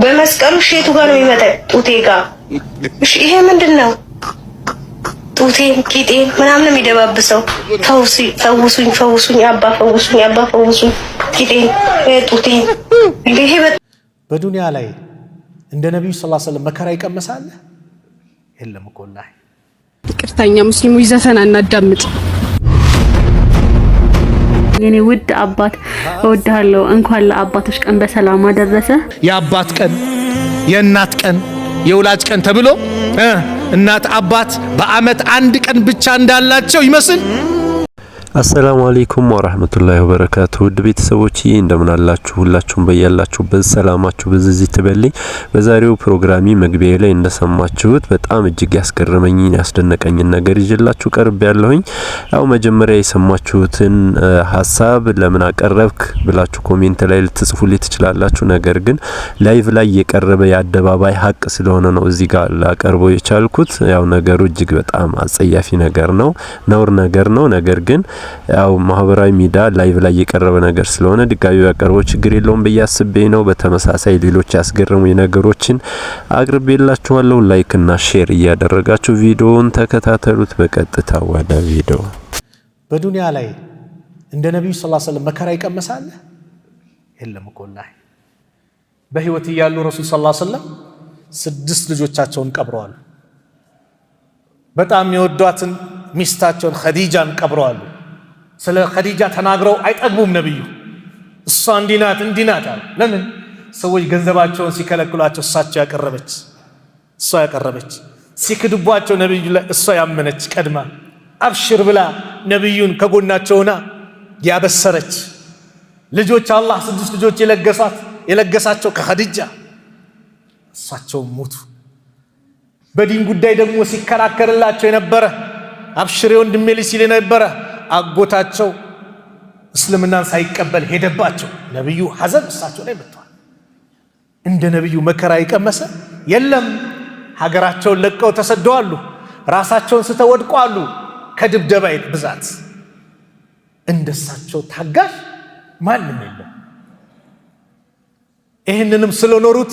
በመስቀሉ ሼቱ ጋር ነው የሚመጣው፣ ጡቴ ጋር። እሺ ይሄ ምንድን ነው? ጡቴም ምናምን የሚደባብሰው። ፈውሱኝ፣ ፈውሱኝ፣ አባ ፈውሱኝ፣ አባ ፈውሱኝ፣ ቂጤም ጡቴም። ይሄ በዱንያ ላይ እንደ ነቢዩ ሰለላሁ ዐለይሂ ወሰለም መከራ ይቀመሳል የለም እኮ ላይ ይቅርታኛ ሙስሊሙ ይዘፈን እናዳምጥ የኔ ውድ አባት እወድሃለሁ። እንኳን ለአባቶች ቀን በሰላም አደረሰ። የአባት ቀን፣ የእናት ቀን፣ የወላጅ ቀን ተብሎ እናት አባት በዓመት አንድ ቀን ብቻ እንዳላቸው ይመስል አሰላሙ አሌይኩም ወራህመቱላሂ ወበረካቱ ውድ ቤተሰቦች እንደምን አላችሁ? ሁላችሁም በያላችሁበት ሰላማችሁ ብዝዝ ትበልኝ። በዛሬው ፕሮግራሚ መግቢያ ላይ እንደሰማችሁት በጣም እጅግ ያስገረመኝን ያስደነቀኝን ነገር ይዤላችሁ ቀርብ ያለሁኝ። ያው መጀመሪያ የሰማችሁትን ሀሳብ ለምን አቀረብክ ብላችሁ ኮሜንት ላይ ልትጽፉልኝ ትችላላችሁ። ነገር ግን ላይቭ ላይ የቀረበ የአደባባይ ሀቅ ስለሆነ ነው እዚህ ጋር ላቀርበው የቻልኩት። ያው ነገሩ እጅግ በጣም አጸያፊ ነገር ነው፣ ነውር ነገር ነው። ነገር ግን ያው ማህበራዊ ሚዲያ ላይቭ ላይ የቀረበ ነገር ስለሆነ ድጋሚ ያቀርቦ ችግር የለውም ብዬ አስቤ ነው። በተመሳሳይ ሌሎች ያስገረሙ ነገሮችን አቅርቤላችኋለሁ። ላይክ እና ሼር እያደረጋችሁ ቪዲዮውን ተከታተሉት። በቀጥታ ወደ ቪዲዮ። በዱንያ ላይ እንደ ነቢዩ ስ ዐለይሂ መከራ ይቀመሳል የለም እኮ በህይወት እያሉ ረሱል ስ ዐለይሂ ስድስት ልጆቻቸውን ቀብረዋሉ። በጣም የወዷትን ሚስታቸውን ኸዲጃን ቀብረዋሉ። ስለ ኸዲጃ ተናግረው አይጠግቡም ነቢዩ። እሷ እንዲናት እንዲናት አለ። ለምን ሰዎች ገንዘባቸውን ሲከለክሏቸው እሳቸው ያቀረበች እሷ ያቀረበች ሲክድቧቸው ነቢዩ ላይ እሷ ያመነች ቀድማ አብሽር ብላ ነቢዩን ከጎናቸው ሆና ያበሰረች ልጆች አላህ ስድስት ልጆች የለገሳት የለገሳቸው ከኸዲጃ እሳቸውም ሞቱ። በዲን ጉዳይ ደግሞ ሲከራከርላቸው የነበረ አብሽሬ ወንድሜ ልጅ ሲል የነበረ አጎታቸው እስልምናን ሳይቀበል ሄደባቸው። ነቢዩ ሐዘን እሳቸው ላይ መጥተዋል። እንደ ነቢዩ መከራ የቀመሰ የለም። ሀገራቸውን ለቀው ተሰደዋሉ። ራሳቸውን ስተወድቋሉ ከድብደባ ብዛት እንደሳቸው ታጋሽ ማንም የለም። ይህንንም ስለኖሩት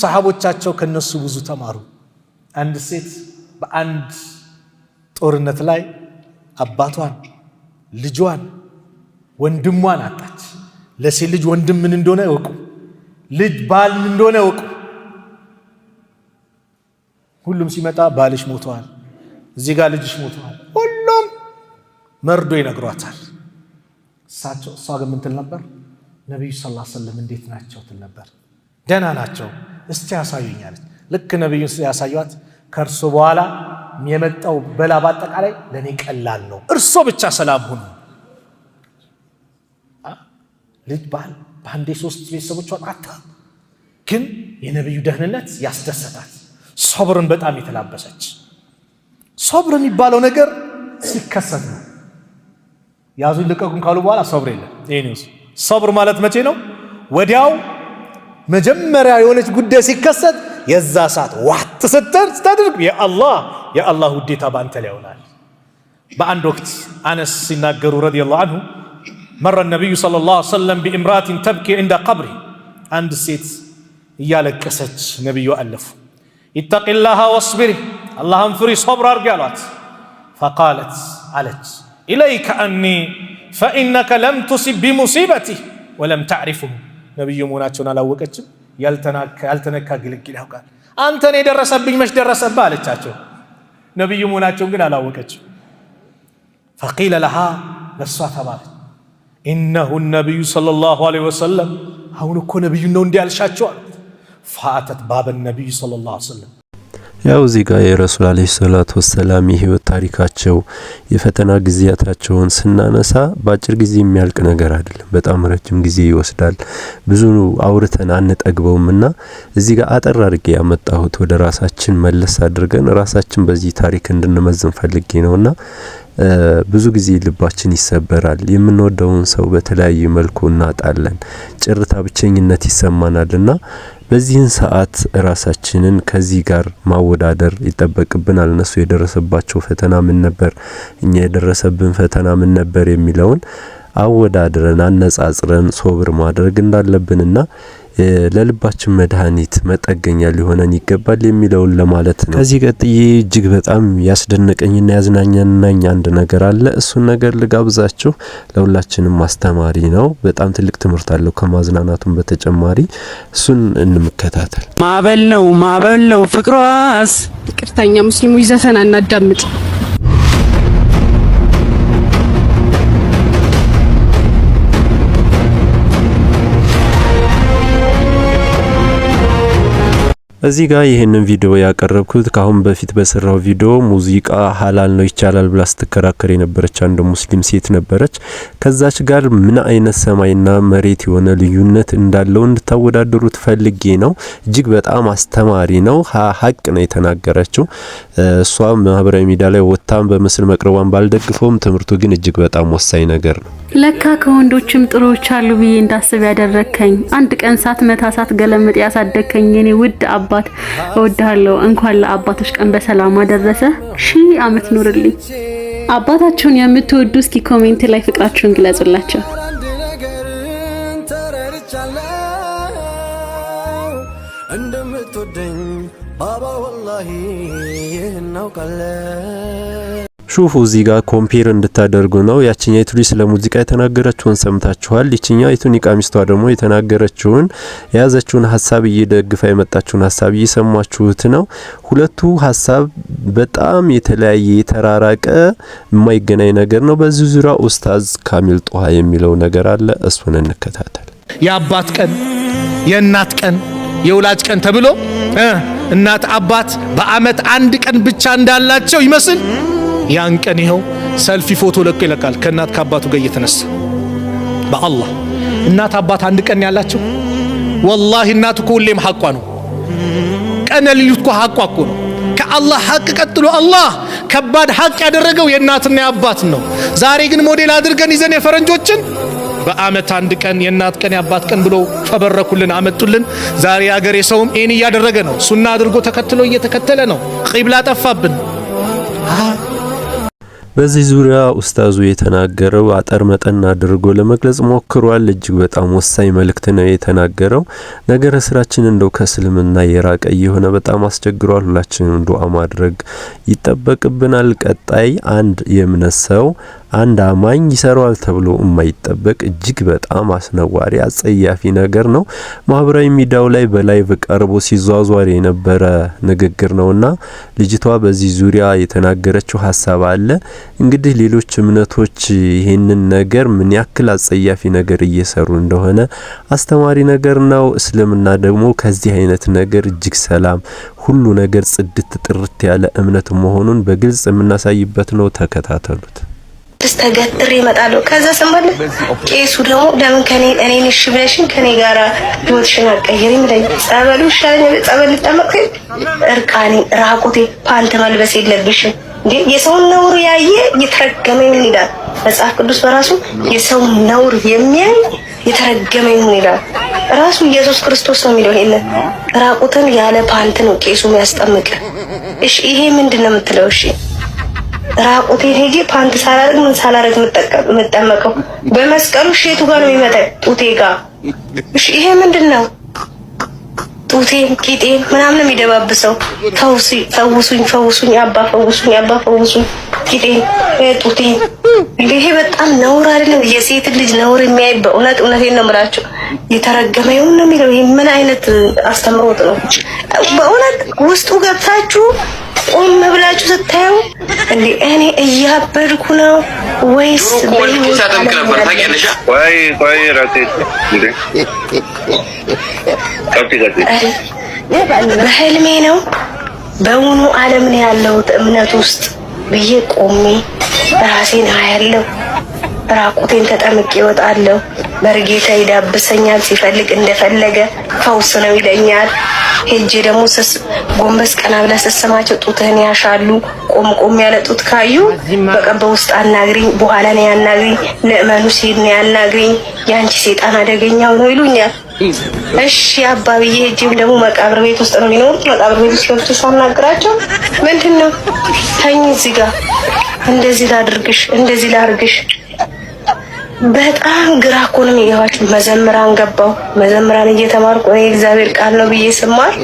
ሰሃቦቻቸው ከነሱ ብዙ ተማሩ። አንድ ሴት በአንድ ጦርነት ላይ አባቷን ልጇን ወንድሟን አጣች። ለሴት ልጅ ወንድም ምን እንደሆነ እወቁ። ልጅ ባል ምን እንደሆነ እወቁ። ሁሉም ሲመጣ ባልሽ ሞተዋል፣ እዚህ ጋር ልጅሽ ሞተዋል፣ ሁሉም መርዶ ይነግሯታል። እሳቸው እሷ ግን ምን ትል ነበር? ነቢዩ ስ ሰለም እንዴት ናቸው ትል ነበር። ደህና ናቸው፣ እስቲ ያሳዩኛለች። ልክ ነቢዩ ያሳዩት ከእርሱ በኋላ የመጣው በላ በአጠቃላይ ለእኔ ቀላል ነው። እርሶ ብቻ ሰላም ሁኑ። ልጅ ባል በአንዴ ሶስት ቤተሰቦቿን አታ ግን የነቢዩ ደህንነት ያስደሰታት ሶብርን በጣም የተላበሰች ሶብር የሚባለው ነገር ሲከሰት ነው። ያዙኝ ልቀቁን ካሉ በኋላ ሶብር የለም። ሶብር ማለት መቼ ነው? ወዲያው መጀመሪያ የሆነች ጉዳይ ሲከሰት የዛ ሰዓት ዋጥ ስትል ስታደርግ የአላህ የአላህ ውዴታ በአንተ ላይ ይሆናል። በአንድ ወቅት አነስ ሲናገሩ ረዲየላሁ አንሁ መረ ነቢዩ ሰለላሁ ዐለይሂ ወሰለም ቢእምራትን ተብኪ እንደ ቀብሪ አንድ ሴት እያለቀሰች ነቢዩ አለፉ። ኢተቂላሃ ወስቢሪ አላህን ፍሪ ሶብር አድርጊ አሏት። ፈቃለት አለች ኢለይከ አኒ ፈኢነከ ለም ቱሲብ ቢሙሲበቲ ወለም ተዕሪፉ ነብዩ መሆናቸውን አላወቀችም። ያልተነካ ግልግል ያውቃል። አንተን የደረሰብኝ መች ደረሰብህ አለቻቸው። ነብዩ መሆናቸውን ግን አላወቀችም። ፈቂለ ለሃ ለእሷ ተባለች ኢነሁ ነቢዩ ሰለላሁ ዐለይሂ ወሰለም አሁን እኮ ነቢዩ ነው እንዲህ ያልሻቸዋል። ፈአተት ባበ ነቢዩ ሰለላሁ ዐለይሂ ወሰለም ያው እዚህ ጋር የረሱል ዐለይሂ ሰላቱ ወሰላም የህይወት ታሪካቸው፣ የፈተና ጊዜያታቸውን ስናነሳ በአጭር ጊዜ የሚያልቅ ነገር አይደለም። በጣም ረጅም ጊዜ ይወስዳል። ብዙ አውርተን አንጠግበውም እና እዚህ ጋር አጠር አድርጌ ያመጣሁት ወደ ራሳችን መለስ አድርገን ራሳችን በዚህ ታሪክ እንድንመዝን ፈልጌ ነውና ብዙ ጊዜ ልባችን ይሰበራል። የምንወደውን ሰው በተለያየ መልኩ እናጣለን። ጭርታ ብቸኝነት ይሰማናልና በዚህን ሰዓት ራሳችንን ከዚህ ጋር ማወዳደር ይጠበቅብናል። እነሱ የደረሰባቸው ፈተና ምን ነበር፣ እኛ የደረሰብን ፈተና ምን ነበር የሚለውን አወዳድረን አነጻጽረን ሶብር ማድረግ እንዳለብንና ለልባችን መድኃኒት መጠገኛ ሊሆነን ይገባል የሚለውን ለማለት ነው። ከዚህ ቀጥዬ እጅግ በጣም ያስደነቀኝና ያዝናኛናኝ አንድ ነገር አለ። እሱን ነገር ልጋብዛችሁ። ለሁላችንም አስተማሪ ነው። በጣም ትልቅ ትምህርት አለው ከማዝናናቱም በተጨማሪ እሱን እንመከታተል። ማዕበል ነው ማዕበል ነው ፍቅሯስ ቅርታኛ ሙስሊሙ ይዘፈን አናዳምጥ እዚህ ጋር ይህንን ቪዲዮ ያቀረብኩት ከአሁን በፊት በሰራው ቪዲዮ ሙዚቃ ሀላል ነው ይቻላል ብላ ስትከራከር የነበረች አንድ ሙስሊም ሴት ነበረች። ከዛች ጋር ምን አይነት ሰማይና መሬት የሆነ ልዩነት እንዳለው እንድታወዳደሩ ፈልጌ ነው። እጅግ በጣም አስተማሪ ነው። ሀቅ ነው የተናገረችው። እሷ ማህበራዊ ሚዲያ ላይ ወታም በምስል መቅረቧን ባልደግፈውም ትምህርቱ ግን እጅግ በጣም ወሳኝ ነገር ነው። ለካ ከወንዶችም ጥሮች አሉ ብዬ እንዳስብ ያደረከኝ አንድ ቀን ሳት መታሳት ገለምጥ ያሳደከኝ የኔ ውድ አባ አባት እወድሃለሁ። እንኳን ለአባቶች ቀን በሰላም አደረሰ። ሺህ አመት ኑርልኝ። አባታችሁን የምትወዱ እስኪ ኮሜንት ላይ ፍቅራችሁን ግለጹላቸው። እንደምትወደኝ ባባ ወላሂ ይህን ሹፉ እዚህ ጋር ኮምፔር እንድታደርጉ ነው። ያችኛ የቱሊ ስለ ሙዚቃ የተናገረችውን ሰምታችኋል። ይችኛ የቱኒቃ ሚስቷ ደግሞ የተናገረችውን የያዘችውን ሀሳብ እየደግፋ የመጣችውን ሀሳብ እየሰማችሁት ነው። ሁለቱ ሀሳብ በጣም የተለያየ የተራራቀ የማይገናኝ ነገር ነው። በዚህ ዙሪያ ኡስታዝ ካሚል ጦሃ የሚለው ነገር አለ። እሱን እንከታተል። የአባት ቀን፣ የእናት ቀን፣ የወላጅ ቀን ተብሎ እናት አባት በአመት አንድ ቀን ብቻ እንዳላቸው ይመስል ያን ቀን ይኸው ሰልፊ ፎቶ ለቆ ይለቃል ከእናት ከአባቱ ጋር እየተነሳ በአላህ እናት አባት አንድ ቀን ያላቸው ወላሂ እናት እኮ ሁሌም ሐቋ ነው። ቀነ ልዩት እኮ ሐቋ እኮ ነው። ከአላህ ሐቅ ቀጥሎ አላህ ከባድ ሐቅ ያደረገው የእናትና የአባት ነው። ዛሬ ግን ሞዴል አድርገን ይዘን የፈረንጆችን በአመት አንድ ቀን የእናት ቀን የአባት ቀን ብሎ ፈበረኩልን አመጡልን። ዛሬ የአገሬ ሰውም ይህን እያደረገ ነው። ሱና አድርጎ ተከትሎ እየተከተለ ነው። ቂብላ ጠፋብን። በዚህ ዙሪያ ኡስታዙ የተናገረው አጠር መጠን አድርጎ ለመግለጽ ሞክሯል። እጅግ በጣም ወሳኝ መልእክት ነው የተናገረው። ነገረ ስራችን እንደው ከእስልምና የራቀ የሆነ በጣም አስቸግሯል። ሁላችንም ዱዓ ማድረግ ይጠበቅብናል። ቀጣይ አንድ የእምነት ሰው አንድ አማኝ ይሰራዋል ተብሎ የማይጠበቅ እጅግ በጣም አስነዋሪ አጸያፊ ነገር ነው። ማህበራዊ ሚዲያው ላይ በላይቭ ቀርቦ ሲዟዟር የነበረ ንግግር ነውና ልጅቷ በዚህ ዙሪያ የተናገረችው ሀሳብ አለ። እንግዲህ ሌሎች እምነቶች ይህንን ነገር ምን ያክል አጸያፊ ነገር እየሰሩ እንደሆነ አስተማሪ ነገር ነው። እስልምና ደግሞ ከዚህ አይነት ነገር እጅግ ሰላም ሁሉ ነገር ጽድት ጥርት ያለ እምነት መሆኑን በግልጽ የምናሳይበት ነው። ተከታተሉት። ስድስት ተገትሬ እመጣለሁ። ከዛ ስንበል ቄሱ ደግሞ ለምን ከኔ እኔን እሺ ብለሽኝ ከኔ ጋራ ህይወትሽን አልቀይሪ ይለኝ። ጸበሉ ይሻለኝ። ጸበል ልጠመቅ እርቃኔ ራቁቴ ፓንት መልበስ የለብሽም እንዴ! የሰውን ነውር ያየ የተረገመ ይሁን ይላል መጽሐፍ ቅዱስ በራሱ የሰውን ነውር የሚያይ የተረገመ ይሁን ይላል። ራሱ ኢየሱስ ክርስቶስ ነው የሚለው። ይሄንን ራቁትን ያለ ፓንት ነው ቄሱ የሚያስጠምቅ። እሺ ይሄ ምንድን ነው የምትለው? እሺ ራቁት ሄጄ ፓንት ሳላረግ ምን ሳላረግ የምጠመቀው በመስቀሉ ሼቱ ጋር ነው የሚመጣ ጡቴ ጋር። እሺ ይሄ ምንድን ነው? ጡቴም ቂጤም ምናምን የሚደባብሰው ፈውሱኝ፣ ፈውሱኝ፣ አባ ፈውሱኝ፣ አባ ፈውሱኝ። ቂጤም ጡቴም ይሄ በጣም ነውር አይደለም? የሴት ልጅ ነውር የሚያይ በእውነት እውነቴን ነው የምላቸው የተረገመ ይሁን ነው የሚለው። ይሄ ምን አይነት አስተምሮት ነው? በእውነት ውስጡ ገብታችሁ ቆም ብላችሁ ስታዩ እንዴ እኔ እያበድኩ ነው ወይስ በህልሜ ነው በውኑ ዓለም ነው ያለሁት እምነት ውስጥ ብዬ ቆሜ ራሴን አያለሁ። ራቁቴን ተጠምቄ እወጣለሁ። በርጌታ ይዳብሰኛል፣ ሲፈልግ እንደፈለገ ፈውስ ነው ይለኛል። ሄጄ ደግሞ ጎንበስ ቀና ብለህ ስትስማቸው ጡትህን ያሻሉ። ቆም ቆም ያለ ጡት ካዩ በቃ በውስጥ አናግሪኝ፣ በኋላ ነው ያናግሪኝ፣ ንእመኑ ሲሄድ ነው ያናግሪኝ፣ የአንቺ ሴጣን አደገኛው ነው ይሉኛል። እሺ አባብዬ ሄጄም ደግሞ መቃብር ቤት ውስጥ ነው የሚኖሩት። መቃብር ቤት ውስጥ ገብቼ ሳናግራቸው ምንድን ነው ተኝ እዚህ ጋር እንደዚህ ላድርግሽ፣ እንደዚህ ላርግሽ በጣም ግራ እኮ ነው የሚገባችሁ። መዘምራን ገባው መዘምራን እየተማርኩ እኔ እግዚአብሔር ቃል ነው ብዬ ስማል